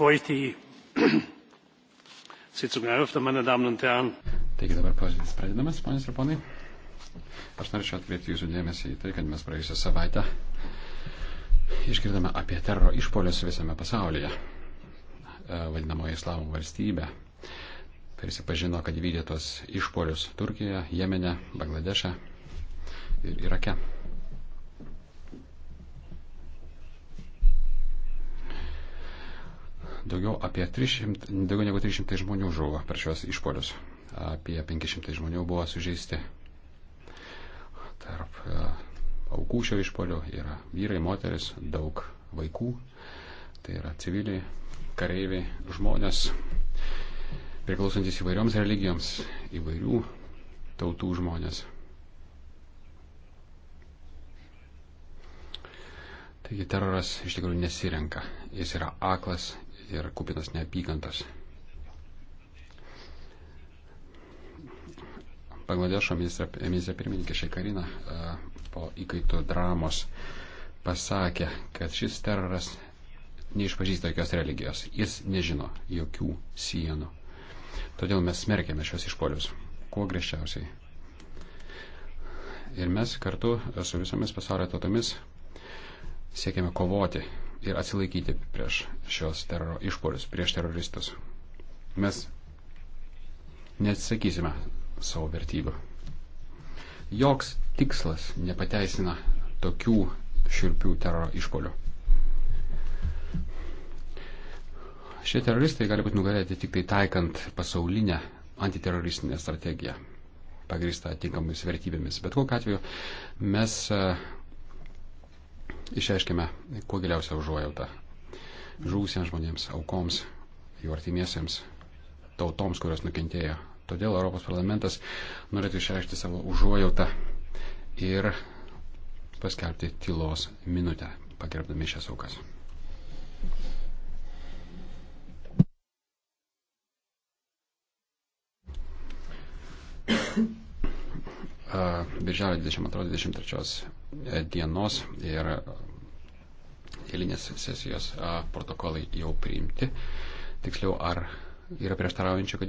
bevor ich die sitzung eröffne meine damen und herren taigi dabar posėdis pradedamas ponios ir ponai aš norėčiau atkreipti jūsų dėmesį į tai kad mes praėjusią savaitę išgirdome apie teroro išpolius visame pasaulyje e, vadinamoji islamo valstybė prisipažino kad vykdė tuos išpolius turkijoje jemene bangladeše ir irake Daugiau, apie 300, daugiau negu 300 žmonių žuvo per šios išpolius. Apie 500 žmonių buvo sužeisti. Tarp e, aukų šio išpolio yra vyrai, moteris, daug vaikų. Tai yra civiliai, kareiviai, žmonės, priklausantis įvairioms religijoms, įvairių tautų žmonės. Taigi teroras iš tikrųjų nesirenka. Jis yra aklas yra kupinas neapykantas. Bangladešo ministrė pirmininkė Šeikarina e, po įkaitų dramos pasakė, kad šis teroras neišpažįsta jokios religijos, jis nežino jokių sienų. Todėl mes smerkėme šios išpolius, kuo greščiausiai. Ir mes kartu su visomis pasaulio tautomis siekiame kovoti ir atsilaikyti prieš šios teroro išpolius, prieš teroristus. Mes neatsisakysime savo vertybių. Joks tikslas nepateisina tokių širpių teroro išpolių. Šie teroristai gali būti nugalėti tik tai taikant pasaulinę antiteroristinę strategiją, pagrįstą atinkamomis vertybėmis. Bet kokiu atveju mes Išreiškime kuo giliausią užuojautą žūsiems žmonėms, aukoms, jų artimiesiems, tautoms, kurios nukentėjo. Todėl Europos parlamentas norėtų išreikšti savo užuojautą ir paskelbti tylos minutę, pagerbdami šias aukas. Thank you birželio 22-23 e, dienos ir eilinės sesijos protokolai jau priimti. Tiksliau, ar yra prieštaraujančių, kad jie